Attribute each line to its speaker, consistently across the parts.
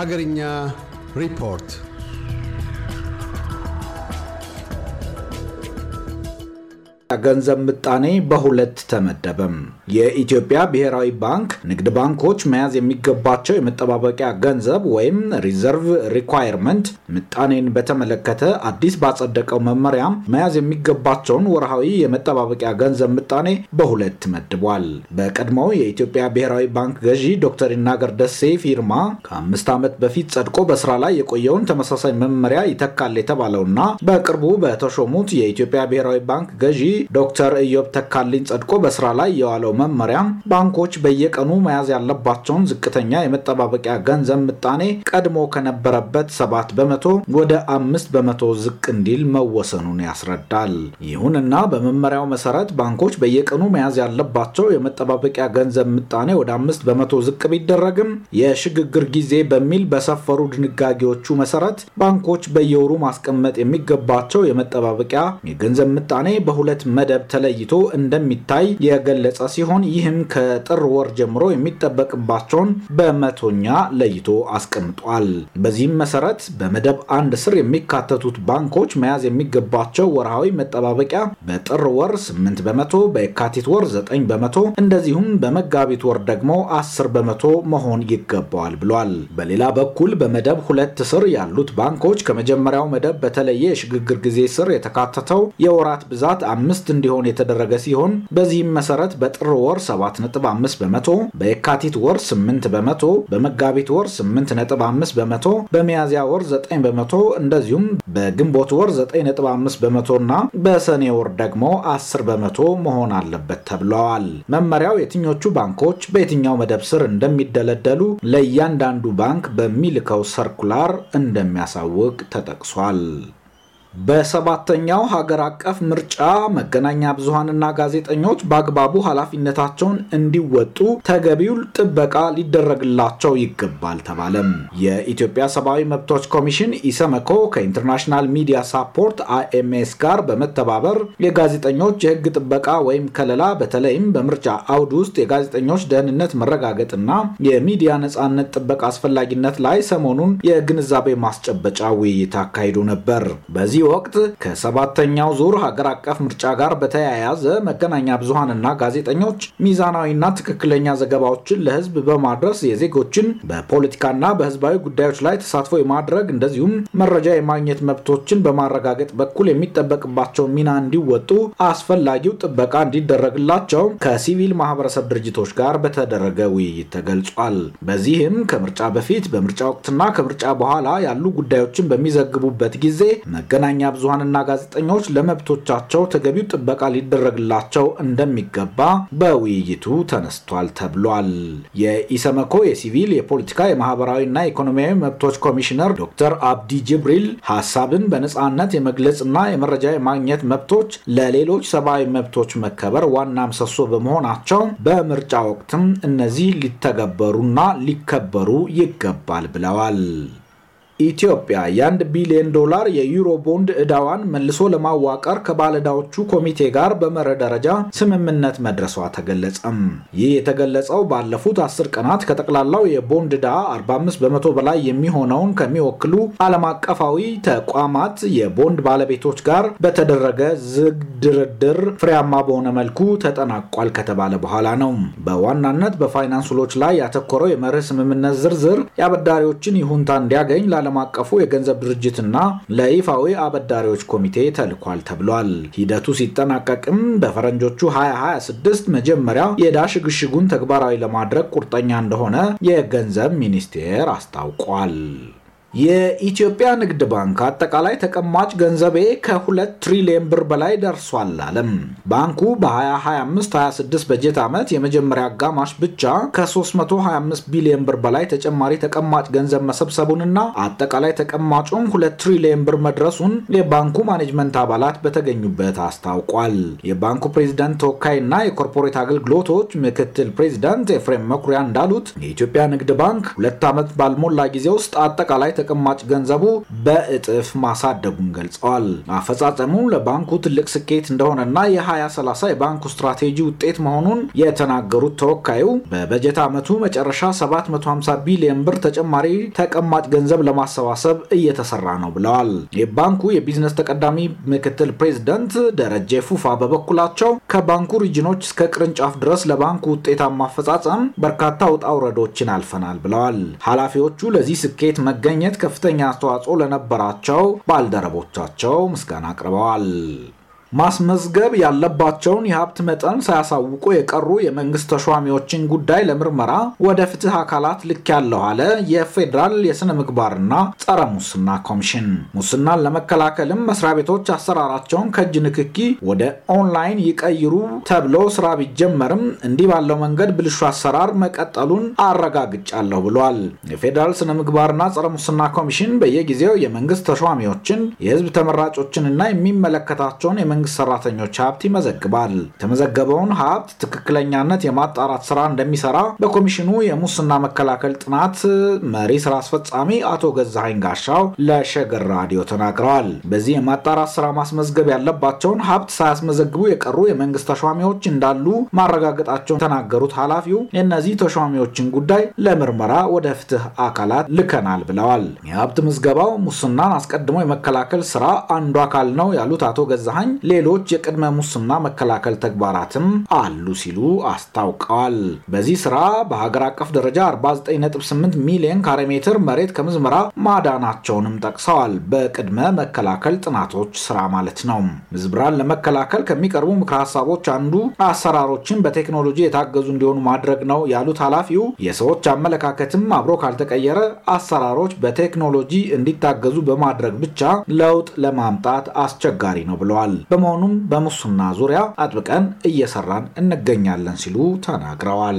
Speaker 1: Hagerinya Report ገንዘብ ምጣኔ በሁለት ተመደበም። የኢትዮጵያ ብሔራዊ ባንክ ንግድ ባንኮች መያዝ የሚገባቸው የመጠባበቂያ ገንዘብ ወይም ሪዘርቭ ሪኳየርመንት ምጣኔን በተመለከተ አዲስ ባጸደቀው መመሪያም መያዝ የሚገባቸውን ወርሃዊ የመጠባበቂያ ገንዘብ ምጣኔ በሁለት መድቧል። በቀድሞው የኢትዮጵያ ብሔራዊ ባንክ ገዢ ዶክተር ይናገር ደሴ ፊርማ ከአምስት ዓመት በፊት ጸድቆ በስራ ላይ የቆየውን ተመሳሳይ መመሪያ ይተካል የተባለውና በቅርቡ በተሾሙት የኢትዮጵያ ብሔራዊ ባንክ ገዢ ዶክተር ኢዮብ ተካልኝ ጸድቆ በስራ ላይ የዋለው መመሪያ ባንኮች በየቀኑ መያዝ ያለባቸውን ዝቅተኛ የመጠባበቂያ ገንዘብ ምጣኔ ቀድሞ ከነበረበት ሰባት በመቶ ወደ አምስት በመቶ ዝቅ እንዲል መወሰኑን ያስረዳል። ይሁንና በመመሪያው መሰረት ባንኮች በየቀኑ መያዝ ያለባቸው የመጠባበቂያ ገንዘብ ምጣኔ ወደ አምስት በመቶ ዝቅ ቢደረግም የሽግግር ጊዜ በሚል በሰፈሩ ድንጋጌዎቹ መሰረት ባንኮች በየወሩ ማስቀመጥ የሚገባቸው የመጠባበቂያ የገንዘብ ምጣኔ በሁለት መደብ ተለይቶ እንደሚታይ የገለጸ ሲሆን ይህም ከጥር ወር ጀምሮ የሚጠበቅባቸውን በመቶኛ ለይቶ አስቀምጧል። በዚህም መሰረት በመደብ አንድ ስር የሚካተቱት ባንኮች መያዝ የሚገባቸው ወርሃዊ መጠባበቂያ በጥር ወር 8 በመቶ፣ በየካቲት ወር 9 በመቶ እንደዚሁም በመጋቢት ወር ደግሞ 10 በመቶ መሆን ይገባዋል ብሏል። በሌላ በኩል በመደብ ሁለት ስር ያሉት ባንኮች ከመጀመሪያው መደብ በተለየ የሽግግር ጊዜ ስር የተካተተው የወራት ብዛት አምስት አምስት እንዲሆን የተደረገ ሲሆን በዚህም መሰረት በጥር ወር 7.5 በመቶ፣ በየካቲት ወር 8 በመቶ፣ በመጋቢት ወር 8.5 በመቶ፣ በሚያዝያ ወር 9 በመቶ እንደዚሁም በግንቦት ወር 9.5 በመቶ እና በሰኔ ወር ደግሞ 10 በመቶ መሆን አለበት ተብለዋል። መመሪያው የትኞቹ ባንኮች በየትኛው መደብ ስር እንደሚደለደሉ ለእያንዳንዱ ባንክ በሚልከው ሰርኩላር እንደሚያሳውቅ ተጠቅሷል። በሰባተኛው ሀገር አቀፍ ምርጫ መገናኛ ብዙሃንና ጋዜጠኞች በአግባቡ ኃላፊነታቸውን እንዲወጡ ተገቢው ጥበቃ ሊደረግላቸው ይገባል ተባለም። የኢትዮጵያ ሰብአዊ መብቶች ኮሚሽን ኢሰመኮ ከኢንተርናሽናል ሚዲያ ሳፖርት አይኤምኤስ ጋር በመተባበር የጋዜጠኞች የህግ ጥበቃ ወይም ከለላ በተለይም በምርጫ አውድ ውስጥ የጋዜጠኞች ደህንነት መረጋገጥና የሚዲያ ነጻነት ጥበቃ አስፈላጊነት ላይ ሰሞኑን የግንዛቤ ማስጨበጫ ውይይት አካሂዱ ነበር። በዚህ በዚህ ወቅት ከሰባተኛው ዙር ሀገር አቀፍ ምርጫ ጋር በተያያዘ መገናኛ ብዙሃንና ጋዜጠኞች ሚዛናዊና ትክክለኛ ዘገባዎችን ለህዝብ በማድረስ የዜጎችን በፖለቲካና በህዝባዊ ጉዳዮች ላይ ተሳትፎ የማድረግ እንደዚሁም መረጃ የማግኘት መብቶችን በማረጋገጥ በኩል የሚጠበቅባቸው ሚና እንዲወጡ አስፈላጊው ጥበቃ እንዲደረግላቸው ከሲቪል ማህበረሰብ ድርጅቶች ጋር በተደረገ ውይይት ተገልጿል። በዚህም ከምርጫ በፊት በምርጫ ወቅትና ከምርጫ በኋላ ያሉ ጉዳዮችን በሚዘግቡበት ጊዜ መገናኛ መገናኛ ብዙሀንና ጋዜጠኞች ለመብቶቻቸው ተገቢው ጥበቃ ሊደረግላቸው እንደሚገባ በውይይቱ ተነስቷል ተብሏል። የኢሰመኮ የሲቪል የፖለቲካ የማህበራዊና ኢኮኖሚያዊ መብቶች ኮሚሽነር ዶክተር አብዲ ጅብሪል ሀሳብን በነጻነት የመግለጽና የመረጃ የማግኘት መብቶች ለሌሎች ሰብአዊ መብቶች መከበር ዋና ምሰሶ በመሆናቸው በምርጫ ወቅትም እነዚህ ሊተገበሩና ሊከበሩ ይገባል ብለዋል። ኢትዮጵያ የአንድ ቢሊዮን ዶላር የዩሮ ቦንድ እዳዋን መልሶ ለማዋቀር ከባለዕዳዎቹ ኮሚቴ ጋር በመርህ ደረጃ ስምምነት መድረሷ ተገለጸም። ይህ የተገለጸው ባለፉት አስር ቀናት ከጠቅላላው የቦንድ እዳ 45 በመቶ በላይ የሚሆነውን ከሚወክሉ ዓለም አቀፋዊ ተቋማት የቦንድ ባለቤቶች ጋር በተደረገ ዝግ ድርድር ፍሬያማ በሆነ መልኩ ተጠናቋል ከተባለ በኋላ ነው። በዋናነት በፋይናንስ ውሎች ላይ ያተኮረው የመርህ ስምምነት ዝርዝር የአበዳሪዎችን ይሁንታ እንዲያገኝ ዓለም አቀፉ የገንዘብ ድርጅትና ለይፋዊ አበዳሪዎች ኮሚቴ ተልኳል ተብሏል። ሂደቱ ሲጠናቀቅም በፈረንጆቹ 2026 መጀመሪያ የዕዳ ሽግሽጉን ተግባራዊ ለማድረግ ቁርጠኛ እንደሆነ የገንዘብ ሚኒስቴር አስታውቋል። የኢትዮጵያ ንግድ ባንክ አጠቃላይ ተቀማጭ ገንዘቤ ከ2 ትሪሊየን ብር በላይ ደርሷል አለም። ባንኩ በ2025/26 በጀት ዓመት የመጀመሪያ አጋማሽ ብቻ ከ325 ቢሊዮን ብር በላይ ተጨማሪ ተቀማጭ ገንዘብ መሰብሰቡንና አጠቃላይ ተቀማጩም 2 ትሪሊየን ብር መድረሱን የባንኩ ማኔጅመንት አባላት በተገኙበት አስታውቋል። የባንኩ ፕሬዚዳንት ተወካይና የኮርፖሬት አገልግሎቶች ምክትል ፕሬዚዳንት ኤፍሬም መኩሪያ እንዳሉት የኢትዮጵያ ንግድ ባንክ ሁለት ዓመት ባልሞላ ጊዜ ውስጥ አጠቃላይ ተቀማጭ ገንዘቡ በእጥፍ ማሳደጉን ገልጸዋል። አፈጻጸሙ ለባንኩ ትልቅ ስኬት እንደሆነና የ2030 የባንኩ ስትራቴጂ ውጤት መሆኑን የተናገሩት ተወካዩ በበጀት ዓመቱ መጨረሻ 750 ቢሊዮን ብር ተጨማሪ ተቀማጭ ገንዘብ ለማሰባሰብ እየተሰራ ነው ብለዋል። የባንኩ የቢዝነስ ተቀዳሚ ምክትል ፕሬዝደንት ደረጀ ፉፋ በበኩላቸው ከባንኩ ሪጅኖች እስከ ቅርንጫፍ ድረስ ለባንኩ ውጤታማ አፈጻጸም በርካታ ውጣ ውረዶችን አልፈናል ብለዋል። ኃላፊዎቹ ለዚህ ስኬት መገኘት ለማግኘት ከፍተኛ አስተዋጽኦ ለነበራቸው ባልደረቦቻቸው ምስጋና አቅርበዋል። ማስመዝገብ ያለባቸውን የሀብት መጠን ሳያሳውቁ የቀሩ የመንግስት ተሿሚዎችን ጉዳይ ለምርመራ ወደ ፍትህ አካላት ልክ ያለው አለ የፌዴራል የስነ ምግባርና ጸረ ሙስና ኮሚሽን። ሙስናን ለመከላከልም መስሪያ ቤቶች አሰራራቸውን ከእጅ ንክኪ ወደ ኦንላይን ይቀይሩ ተብሎ ስራ ቢጀመርም እንዲህ ባለው መንገድ ብልሹ አሰራር መቀጠሉን አረጋግጫለሁ ብሏል። የፌዴራል ስነ ምግባርና ጸረ ሙስና ኮሚሽን በየጊዜው የመንግስት ተሿሚዎችን፣ የህዝብ ተመራጮችንና የሚመለከታቸውን የመንግስት ሰራተኞች ሀብት ይመዘግባል። የተመዘገበውን ሀብት ትክክለኛነት የማጣራት ስራ እንደሚሰራ በኮሚሽኑ የሙስና መከላከል ጥናት መሪ ስራ አስፈጻሚ አቶ ገዛሀኝ ጋሻው ለሸገር ራዲዮ ተናግረዋል። በዚህ የማጣራት ስራ ማስመዝገብ ያለባቸውን ሀብት ሳያስመዘግቡ የቀሩ የመንግስት ተሿሚዎች እንዳሉ ማረጋገጣቸውን ተናገሩት ኃላፊው የእነዚህ ተሿሚዎችን ጉዳይ ለምርመራ ወደ ፍትህ አካላት ልከናል ብለዋል። የሀብት ምዝገባው ሙስናን አስቀድሞ የመከላከል ስራ አንዱ አካል ነው ያሉት አቶ ገዛሀኝ ሌሎች የቅድመ ሙስና መከላከል ተግባራትም አሉ ሲሉ አስታውቀዋል። በዚህ ስራ በሀገር አቀፍ ደረጃ 498 ሚሊዮን ካሬ ሜትር መሬት ከምዝመራ ማዳናቸውንም ጠቅሰዋል። በቅድመ መከላከል ጥናቶች ስራ ማለት ነው። ምዝብራን ለመከላከል ከሚቀርቡ ምክረ ሀሳቦች አንዱ አሰራሮችን በቴክኖሎጂ የታገዙ እንዲሆኑ ማድረግ ነው ያሉት ኃላፊው የሰዎች አመለካከትም አብሮ ካልተቀየረ አሰራሮች በቴክኖሎጂ እንዲታገዙ በማድረግ ብቻ ለውጥ ለማምጣት አስቸጋሪ ነው ብለዋል። በመሆኑም በሙስና ዙሪያ አጥብቀን እየሰራን እንገኛለን ሲሉ ተናግረዋል።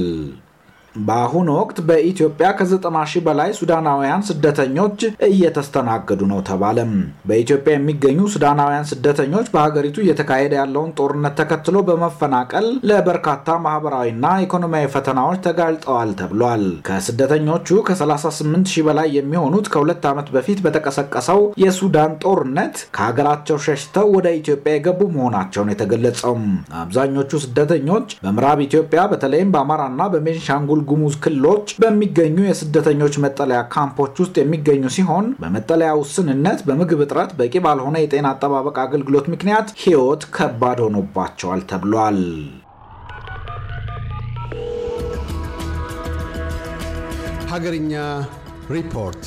Speaker 1: በአሁኑ ወቅት በኢትዮጵያ ከ ሺህ በላይ ሱዳናውያን ስደተኞች እየተስተናገዱ ነው ተባለም። በኢትዮጵያ የሚገኙ ሱዳናውያን ስደተኞች በሀገሪቱ እየተካሄደ ያለውን ጦርነት ተከትሎ በመፈናቀል ለበርካታ ማህበራዊና ኢኮኖሚያዊ ፈተናዎች ተጋልጠዋል ተብሏል። ከስደተኞቹ ከ38 ሺህ በላይ የሚሆኑት ከሁለት ዓመት በፊት በተቀሰቀሰው የሱዳን ጦርነት ከሀገራቸው ሸሽተው ወደ ኢትዮጵያ የገቡ መሆናቸውን የተገለጸው አብዛኞቹ ስደተኞች በምዕራብ ኢትዮጵያ በተለይም በአማራና በቤንሻንጉል ቤንሻንጉል ጉሙዝ ክልሎች በሚገኙ የስደተኞች መጠለያ ካምፖች ውስጥ የሚገኙ ሲሆን በመጠለያ ውስንነት፣ በምግብ እጥረት፣ በቂ ባልሆነ የጤና አጠባበቅ አገልግሎት ምክንያት ሕይወት ከባድ ሆኖባቸዋል ተብሏል። ሀገርኛ ሪፖርት